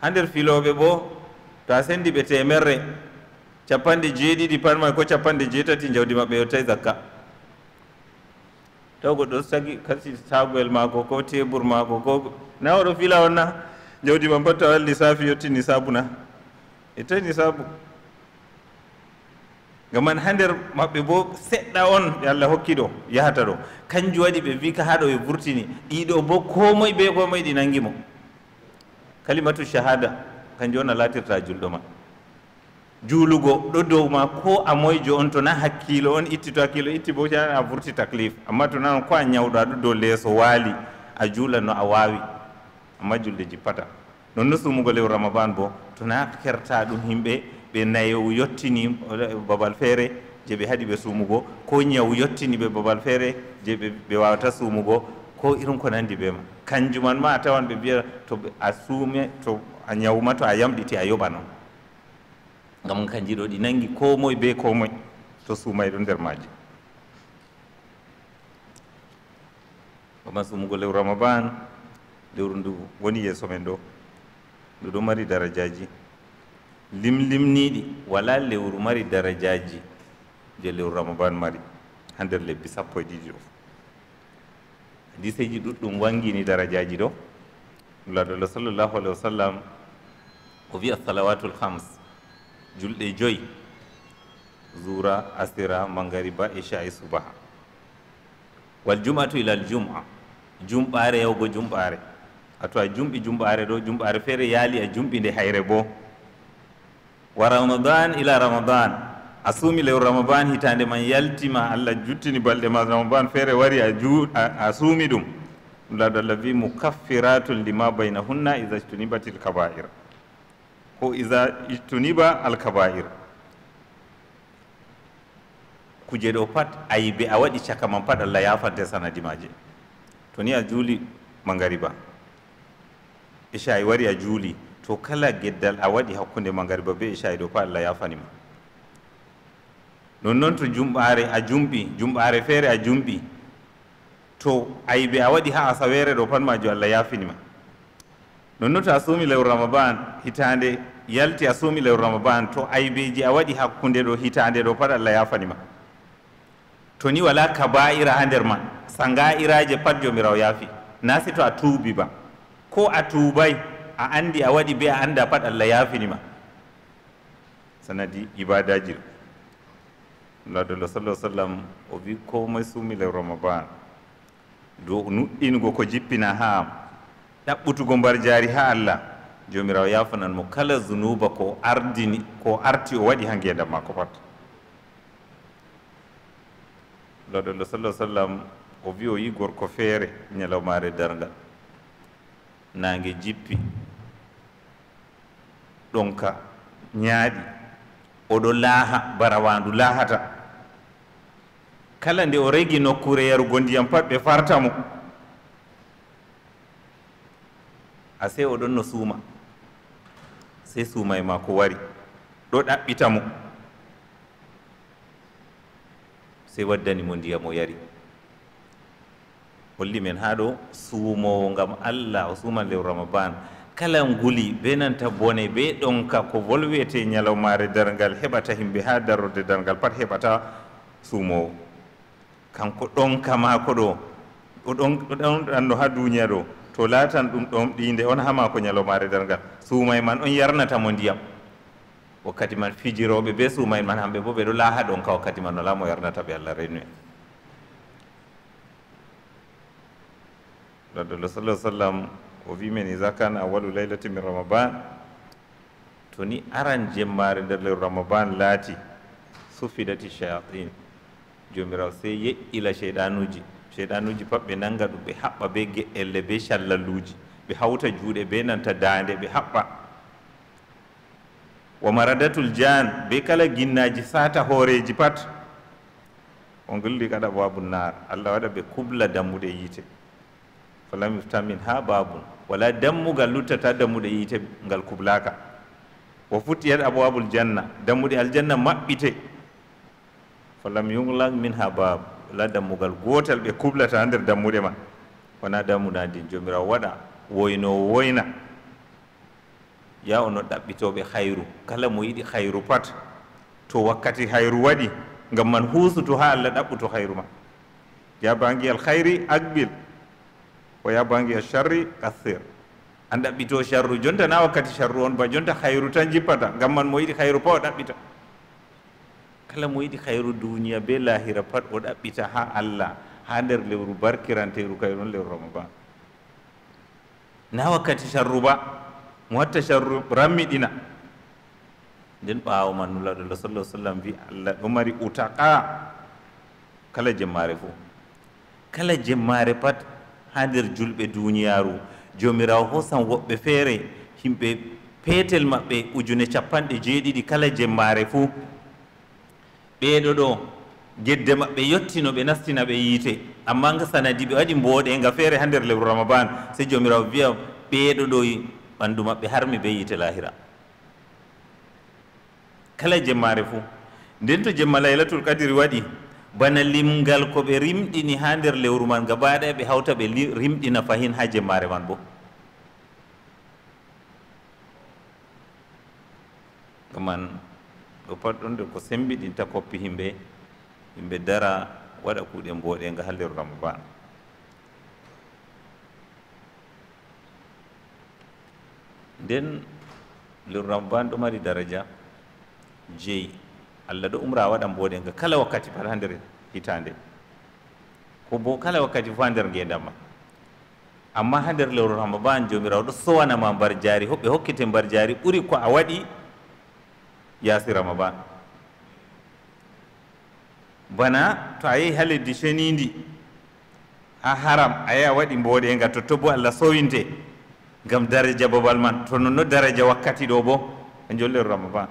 ha nder filooɓe boo to a sendi ɓe temerre capanɗe jeeɗiɗi pat ko capanɗe jeetati jawdi maɓɓe yettai zakka taw goɗɗo sagi kasi sagwel maako ko tebour maako ko na oɗo fila on na jawdi e ma pat tawal nisafi ni nisabu na yettai nisabu gaman ha nder maɓɓe bo seɗɗa on ya allah hokki ɗo yahata do kanjum waɗi ɓe wika ha ɗo e vurtini ɗiɗo bo komoye be komoye ɗi nangimo mo kalimatu shahada kanjum on a latirta julɗo ma juulugo ɗo dow ma ko a moyjo on tona hakkilo on itti to hakkilo itti bo a vurti taklif amma tona on ko a ñawɗo aɗo dow leeso waali a juulan no a waawi amma julde jippata non no sumugo lew ramadan bo tona kerta ɗum yimɓe ɓe nayowu yottini babal feere je ɓe haɗi ɓe sumugo ko ñawu yottini ɓe babal feere je ɓe wawata sumugo ko irin ko nandi be ma kanjum ma a tawan ɓe mbiya to a suume to a ñawma to a yamɗiti a yoɓa noon ngam kanji ɗo ɗi nangi ko moye be ko moye to suumay ɗo nder maaji oman sumugo lewru ramaban lewru ndu woni yeeso men ɗo ndu ɗo mari darajaji limlimniɗi wala lewru mari darajaji je lewru ramaban mari ha nder lebbi sappo e ɗiɗi ɗo hadiseji ɗuɗɗum wangini darajaji ɗo lardolo sallllahu alahi wa sallam o wiya salawatu l hams julɗe joyi zura asira mangariba isha e subaha wal jumatu ila l jum'a jumɓare yawgo jumɓare a tuwa jumɓi jumɓare ɗo jumɓare feere yaali a jumɓi nde hayre boo wa ramadan ila ramadan a suumi ramadan hitande man yaltima allah juttini balde ma ramadan fere wari a juu a suumi ɗum ɗum allah mukaffiratun lima bainahunna iza tunibatil kabair ko iza tuniba al kabair kuje ɗo pat aybe a waɗi caka man pat allah yafante sanadi maje to ni a juuli mangariba isha i wari a juuli to kala geddal a waɗi hakkunde magariba be isha'i ɗo pat allah yafanima nonnoon to jumɓare a jumɓi jumɓare feere a jumɓi to ayibe a waɗi ha asaweere ɗo pat majum allah yafinima nonno to a suumi lewru ramadan hitande yalti a suumi lewru ramadan to aybeji a waɗi hakkunde ɗo hitande ɗo pat allah yafanima to ni wala kaba'ira ha nder ma sanga'iraje pat jomirawo yaafi na si to a tuubi ba ko a tuubay a andi a waɗi be a anda pat allah yafinima sanadi ibadaji lawdallah sallah sallam o wi komoye sumile ramadan do nuɗɗingo ko jippina ha ɗaɓɓutugo mbar jaari ha allah jomirawo yafanan mo kala zunuba ko ardini ko arti o waɗi ha ngendam makko pat lawdallah sallah sallam o wi o yigorko feere ñalawmare darngal nange jippi ɗon ka ñaaɗi oɗo laaha barawandu laahata kala nde o regi nokkure yarugo ndiyam pat ɓe farta mo a sey oɗon no suuma sey suuma e maako wari ɗo ɗaɓɓita mo sey waddani mo ndiyam o yari holli men haa ɗo suumowo ngam allah o suuman lew ramaban kala nguli be nanta bone be ɗonka ko bol wiyete ñalawmare darngal heɓata himɓe ha darrode darngal pat heɓata suumowo kanko ɗonka mako ɗo oɗonɗanno ha duuña ɗo to latan ɗum ɗon ɗinde on hama ko ñalawmare darngal suumay man on yarnatamo ndiyam wakkati man fijirooɓe be suumay man hamɓe bo ɓe ɗo laaha ɗon ka wakkati man nolamo yarnata ɓe allah renu en radallah sallah sallam o wimen isa kane awalu laylati min ramadan to ni aran jemmare nder ley ramadan laati sufidati shayatin jomiraw sey yeƴƴila cheyɗanuji cheyɗanuji pat ɓe nanga ɗum ɓe haɓɓa be geelle be callalluji ɓe hawta juuɗe be nanta daande ɓe haɓɓa wa maradatul jan be kala ginnaji sata hooreji pat o gulli kaɗa bo abunnar allah waɗa ɓe kubla dammuɗe yiite fa lam yufta min ha babun wala dammugal luttata dammuɗe yiite ngal kublaka o futtiyat abowabul janna dammuɗe aljanna maɓɓite fa lam yulag min ha babu wala dammugal gotal ɓe kublata nder dammuɗe ma wona dammuɗandin jomirawo waɗa woyno woyna ya ono ɗaɓɓitoɓe hayru kala mo yiɗi hayru pat to wakkati hayru waɗi gam man husutu ha allah ɗaɓɓuto hayru ma jabangiyal hayri agbil o yabbangiya charri kassir an ɗaɓɓito charru jonta na wakkati charru on ba jonta hayru tan jippata gam man mo yiɗi hayru pa o ɗaɓɓita kala mo yiɗi hayru duniya be lahira pat o ɗaɓɓita ha allah ha nder lewru barkiranteru kay on lewru ramadan na wakkati charru ba mo watta charru rammiɗina nden ɓawo man nulaɗo la sallah sallam wi allah ɗo mari utaqa kala jemmare fo kala jemmare pat ha nder julɓe duniyaru jomirawo hosan woɓɓe feere yimɓe peetel maɓɓe ujune capanɗe jeeɗiɗi kala jemmaare fuu ɓeeɗo ɗo gedde maɓɓe yettino ɓe nastina ɓe yiite amma nga sanadi ɓe waɗi mbooɗenga feere ha nder lewru ramadan sey jomirawo wiya ɓeeɗo ɗo ɓanndu maɓɓe harmi be yiite lahira kala jemmaare fuu nden to jemma laylatul kadiri waɗi bana limgal ko ɓe rimɗini ha nder lewru man gaba ɗaya ɓe hawta ɓe rimɗina fahin ha jemmare man bo ɗuman ɗo pat ɗon de ko sembiɗinta koppi himɓe yimɓe dara waɗa kuuɗe mboɗenga ha nder ramaban nden lir ramaban ɗo mari daraja jeyi allah ɗo umra waɗan boɗe nga kala wakkati pat ha nder hitande ko bo kala wakkati fa ha nder ngendan ma amma ha nder lewru jomira jomirawo ɗo sowanama mbar jari hoɓe hokkite bar jari ɓuri ko a waɗi yaasi ramadan bana to a yi ha leddi senidi ha haram a yi a waɗi mboɗenga totto bo allah sowinte gam daraja babal man to nonno daraja wakkati do bo e jol lewru ramadan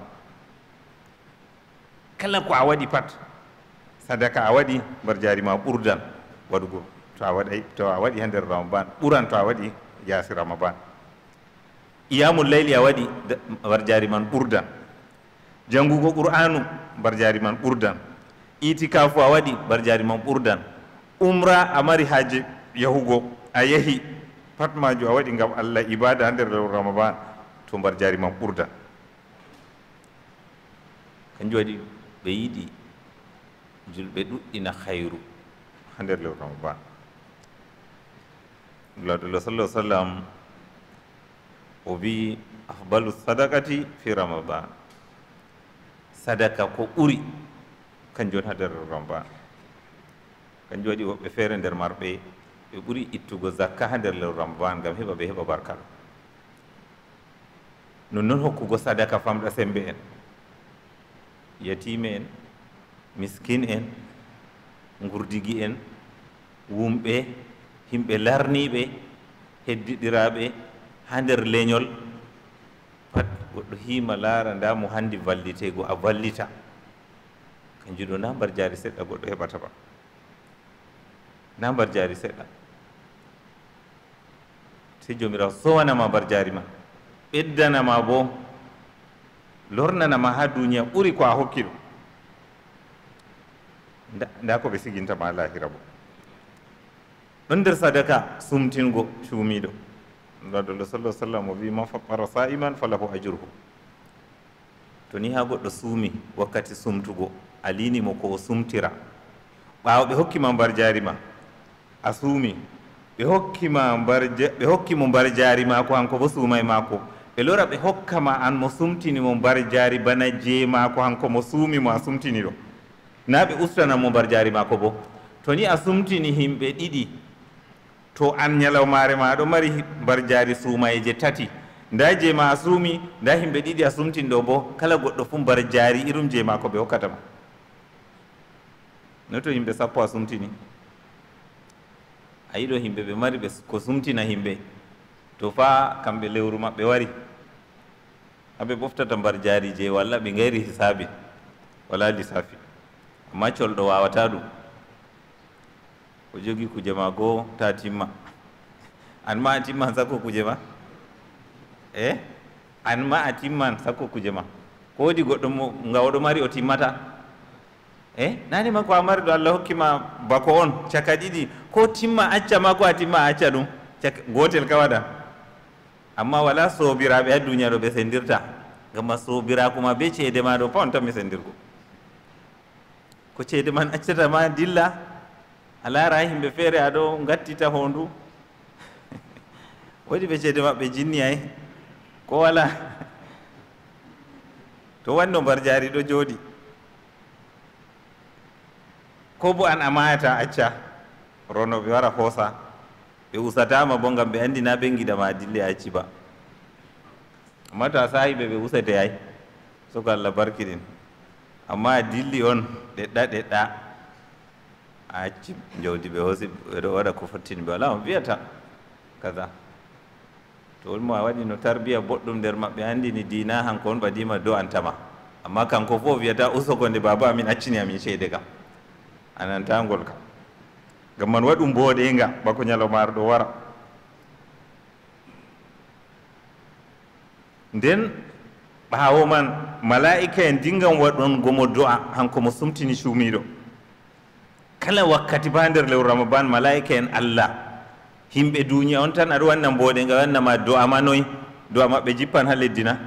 kala ko a waɗi pat sadaka a waɗi mbar jaarima ɓurdan waɗugo to a waɗay to a waɗi ha nder ramadan ɓuran to a waɗi yaasi ramadan iyamul layli a waɗi mbar jaari man ɓurdan janngugo qur'anu mbar jaari man ɓurdan itikafu a waɗi mbar jaari man ɓurdan umra a mari haaji yahugo a yehi pat maju a waɗi ngam allah ibada ha nder lew ramadan to mbar jaari man ɓurdan kanjum waɗi ɓe yiɗi julɓe ɗuɗɗina hayru ha nder lew ramadan lawdullah sallah sallam o wi ahbalu sadakati fi ramadan sadaka ko ɓuri kanjum woni ha nder ramadan kanjum waɗi woɓɓe feere nder marɓe ɓe ɓuri ittugo zakka ha nder lew ramadan ngam heɓa ɓe heɓa barkal nonnoon hokkugo sadaka famɗa sembe en yatime en miskine en gurdigui en wumɓe himɓe larniɓe heddiɗiraɓe ha nder leñol pat goɗɗo hima laara nda mo handi vallitego a vallita kanju ɗo nambar jaari seɗɗa goɗɗo heɓata ba nambar jaari seɗɗa sey jomiraw sowanama bar jaari ma ɓeddanama boo lornanama ha duniya ɓuri ko a hokki ɗum nda ko ɓe sigintama lahira bo ɗon nder sadaka sumtingo cuumiɗo laɗoɗo sallah sallam o wima faɓɓara sa'iman falahu ajurhu to ni ha goɗɗo suumi wakkati sumtugo a linimo ko o sumtira ɓaawo ɓe hokkima mbar jarima ma a suumi ɓe hokkima mbar ɓe hokkimo mbar jaari maako hanko bo suumay mako ɓe lora ɓe hokkama an mo sumtini mo mbar jaari bana jeema ko hanko mo suumi mo a sumtini ɗo na ɓe ustana mo mbar jaari ma ko bo to ni a sumtini himɓe ɗiɗi to an ñalawmaare ma ɗo mari mbar jaari suumayeje tati nda jeema a suumi nda himɓe ɗiɗi a sumtini ɗo bo kala goɗɗo fuu mbar jaari irum jeema ko ɓe hokkatama no to himɓe sappo a sumtini a yiɗo himɓe ɓe mari ɓe ko sumtina himɓe to fa kamɓe lewru maɓɓe wari haɓe ɓoftata mbar jaari je walla ɓe gayri hisabe wala lissafi amma colɗo wawata ɗum o jogi kuje ma goo ta timma an ma a timman sakko kuje ma e an ma a timman sakko kuje ma ko wodi goɗɗo mo mari o timmata e nani ma ko a mari ɗo allah hokkima bako on caka ɗiɗi ko timma acca ma ko a timma acca ɗum gotel ka amma wala sobiraɓe ha duniat o ɓe sendirta gamma sobirakuma be ceede ma ɗo pawon tan mi sendirgo ko ceede man accata ma dilla a laara yimɓe feere aɗo gattita hondu woɗi ɓe ceede maɓɓe jinniyay ko wala to wanno mbarjaari ɗo jooɗi ko bo an amayata acca ronoɓe wara hoosa ɓe usatama bo ngam ɓe andina ɓe giɗama dille acci ba amma to a sahiɓe ɓe usate ay soko allah barkiɗin on ɗeɗɗa ɗeɗɗa a acci jawdi ɓe hoosi ɓeɗo wala on wiyata kaza to wonmo a waɗi no tarbiya boɗɗum andini dina hanko on do antama amma kanko fof wiyata usoko nde baba amin accini amin ceede kam anantagol gam man waɗi ɗum booɗinga bako ñalomaaro ɗo wara nden ɓaawo man malaika en dingam waɗongo mo do'a hanko mo sumtini cuumiiɗo kala wakkati ba nder lewru ramaban malaika en allah himɓe duuñi on tan aɗa wanna booɗinga wannama do'a ma noyi do'a maɓɓe jippan ha leddina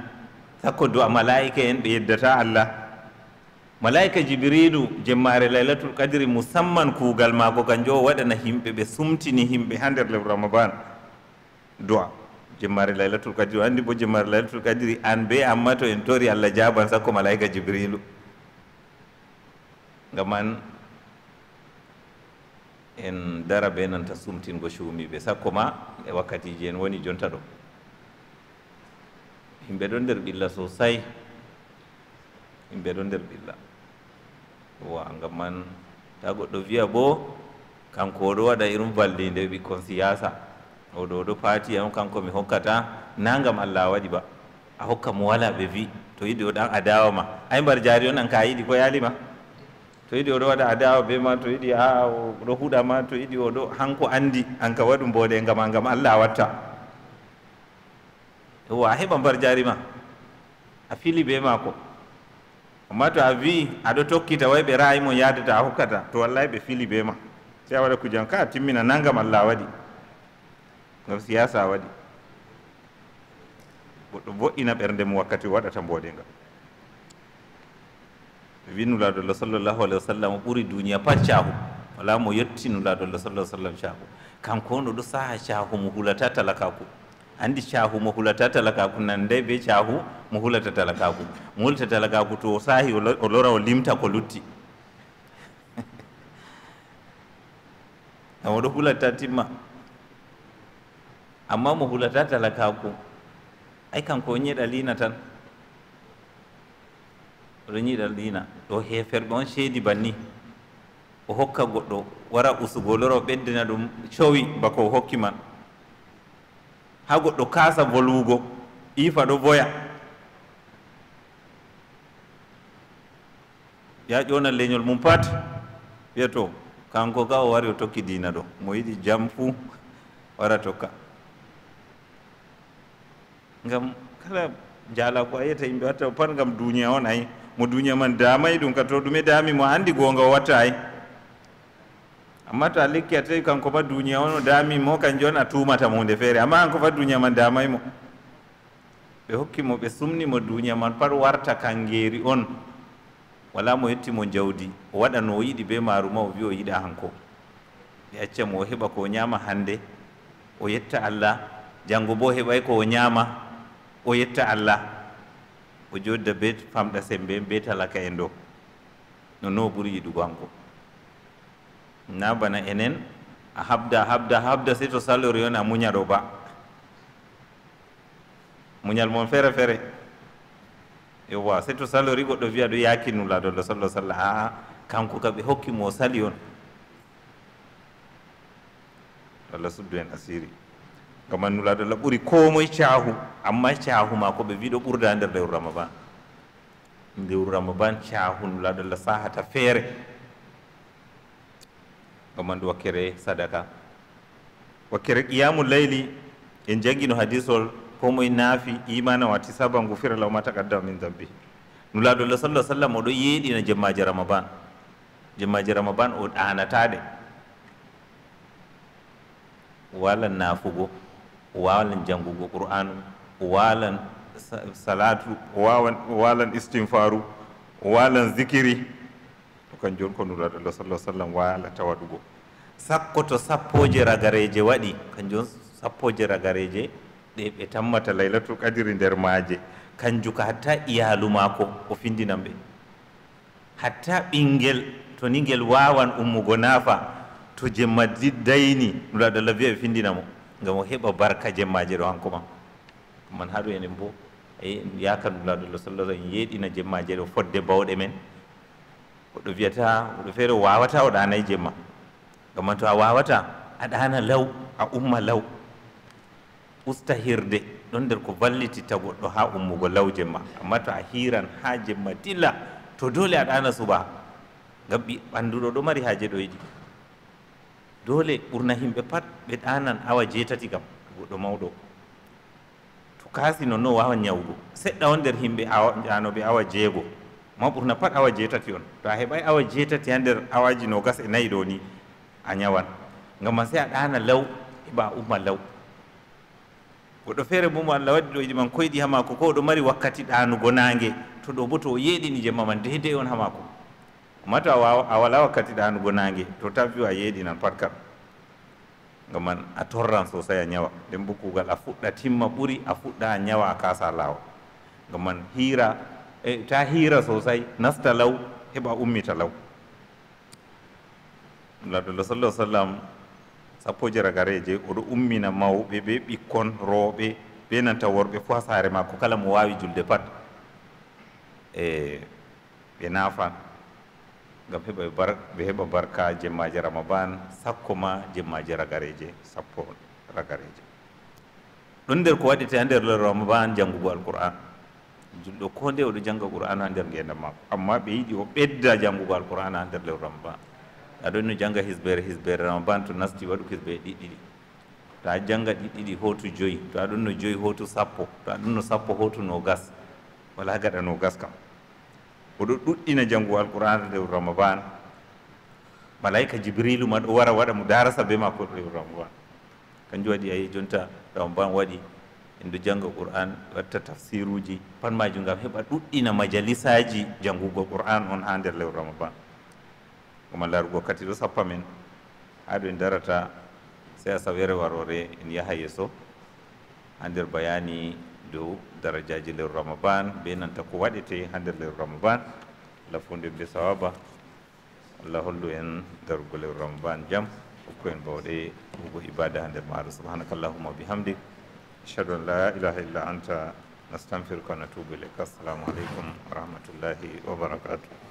sakko do'a malaika en ɓe yeddata allah malaika jibrilu jemmare laylatul kadiri musamman kuugal maako kanjo o waɗana himɓe ɓe sumtini himɓe ha nder lewru ramadan dowa jemmare laylatul kadiri o anndi bo jemmare laylatul kadiri an be amma to en tori allah jaban sakko malaika jibrilu ngam an en dara be nanta sumtingo cuumiɓe sakko ma e wakkatiji en woni jonta ɗo yimɓe ɗon nder ɓilla sosay yimɓe ɗon nder ɓilla yowa ngam man ta goɗɗo wiya bo kanko oɗo waɗa irin vallinde ɓikkon siyasa o oɗo oɗo paati am kanko mi hokkata na ngam allah waɗi ba a hokka mo wala ɓe wi to yiɗi o ɗan adawa ma ay mbar jari on an ka yiɗi ko yalima to yiɗi oɗo waɗa adawa be ma to yiɗi a oɗo huɗa ma to yiɗi oɗo hanko andi an ka waɗu mbode ngam a ngam allah watta yowa a heɓa mbar jaari ma a fili be maako amma to a wi aɗo tokkita way ɓe rayimo yadata a hokkata to wallahi ɓe fili be ma sey a waɗa kujan ka a timmina nangam allah waɗi gam siyasa waɗi goɗɗo vo'ina ɓernde mum wakkati waɗata mboɗenga winulaɗollo sallllahu alahi wa sallam o ɓuri duniya pat cahu wala mo yettinulaɗollo sallah sallam cahu kanko on oɗo saaha cahu mo hulata talakako andi cahu mo hulata talakaku nande be cahu mo hulata talakaku mo hulata talakaku to o saahi o lora o limta ko lutti gam oɗo hulata timma amma mo hulata talakaku ay kanko o ñiɗa lina tan oɗo ñiɗa lina ɗo heferɓe on banni o hokka goɗɗo wara usugo lora o ɓeddina ɗum bako hokki man ha goɗɗo kaasa volugo ifa ɗo voya ya ƴona leñol mum pat wiya to kanko ka o wari o tokki diina ɗo mo yiɗi jam fuu wara tokka ngam kala jala ko a yimɓe watta pat ngam duniya on ayi mo duniya man damayi ɗum ka to ɗume dami mo anndi gonga o watta ay amma to a likki a tawi kanko fa duniya on o damimo kanjum on a tumata mo hunde feere amma hanko fa duniya man damaymo ɓe hokkimo ɓe sumnimo duniya man pat warta kangeri on wala mo yettimo jawdi o waɗa no yidi yiɗi be maruma o wi o yiɗa hanko ɓe acca mo o heɓa ko o hande o yetta allah janngo bo heɓay ko o ñama o yetta allah o jodda be famɗa sembe be talaka e no no buri yidugo ɓuri yiɗugo hanko na bana enen a habda habda habda si to sallori on a muñaɗo ba muñal moon fere fere yowa si to sallori goɗɗo wiya ɗo yakinulaɗolo sallah sallah aa kanko ka ɓe hokki mo sali on allah suddu hen asiri gam annulaɗolla ɓuuri komoye cahu amma cahu ma ko ɓe wiɗo ɓurda nder lewru ramaban lewru ramaban cahu nulaɗolla sahata feere gamando wakkere sadaka wakkere qiyamu leyli en jangino hadisol komoye naafi imana wati saba gufira law ma taqaddama min dambi nulaadollah sallah sallam oɗo yeeɗina jemmaji ramaban jemmaji ramaban o ɗanataɗe walan naafugo walan jangugo qur'anu walan salatu wawan walan istinfaru walan zikiri kan joni ko nuraɗoallah sallah sallam wawi allah tawa ɗugo sakko to sappoje ragareje waɗi kan joni sappoje ragareje ɗe ɓe tammata laylatul qadiri nder maje kanju ko hatta iyalumako o findinan ɓe hatta ɓinguel to ni guel wawan ummugo nafa to jemma daini nuraɗoallah wiya ɓe findinamo gam o heɓa barka jemmaje ɗo hanko ma man haɗo enen bo ey yakanulaɗoallah sallah sallam yeɗina jemmaje ɗo fodde bawɗe men goɗɗo wiyata oɗo feere o wawata o ɗanayi jemma gam an to a wawata a ɗana law a umma law usta hirde ɗon nder ko vallititta goɗɗo ha ummugo law jemma amma to a hiran ha jemma dilla to dole a ɗana suba gam ɓi ɓannduɗo ɗo mari haje ɗoyiɗi dole ɓurna himɓe pat ɓe ɗanan awa jeetati kam goɗɗo mawɗo to kaasi nonnoon wawa ñawgo seɗɗa on nder himɓe awa ƴanoɓe awa jeego ma ɓurna pat awa jeetati on to a heɓay awa jeetati ha nder awaji no gas e nayi ɗo ni a ñawan ngam ma se a ɗana law heɓa umma law goɗɗo feere bomo allah waɗi ɗo jiman koyɗi ha maako ko oɗo mari wakkati ɗanugo nage to ɗo bo to o yeɗini jemmaman dede on ha maako amma to awa a wala wakkati ɗanugo nage to tan fiwa yeɗinan pat kam ngam man a torran sosai a ñawa nden bo kugal a fuɗɗa timma ɓuri a fuɗɗa a ñawa a kasa lawa ngam man hira e ta hiira sosay nasta law heɓa ummita law laddullah sallah sallam sappo e jaragareje oɗo ummina mawɓe ɓe ɓikkon rooɓe ɓe nanta worɓe fo ha saare makko kala mo wawi julde pat e ɓe naafan gam heɓa ɓe heɓa barka jemmaji ramaban sakko ma jemmaji ragareje sappo ragareje ɗon nder ko waɗete ha nder ramaban janngugo alqouran julɗo ko nde oɗo jannga qur'an ha nder ngendam makko amma ɓe yiɗi o ɓedda janngugo alqur'an ha nder lew ramadan aɗo no jannga hisbere hisbere ramadan to nasti waɗu hisbe ɗiɗɗiɗi to a jannga ɗiɗɗiɗi hootu joyi to aɗon no joyi hootu sappo to aɗon no sappo hootu no gas wala gaɗa no gas kam oɗo ɗuɗɗina janngugo alqur'an lew ramadan malayika jibrilu ma ɗo wara waɗa mo darasa be makko lew ramadan kanjum waɗi ayi jonta ramadan waɗi indu janga qur'an watta tafsiruji panmaji ngam heɓa ɗuɗɗina majalisaji jangugo qur'an on ha nder lew ramadan goma larugo kati ɗo sappa men haɗo en darata sey asawere warore en yaha yeeso ha nder bayani dow darajaji lew ramadan be nanta ko waɗete ha nder lew ramadan allah fonde be sawaba allah hollu en darugo lew ramadan jaam hokko en bawɗe hugo ibada ha nder maaro subhanaka allahumma wa bihamdik أشهد أن لا إله إلا أنت نستغفرك ونتوب إليك السلام عليكم ورحمة الله وبركاته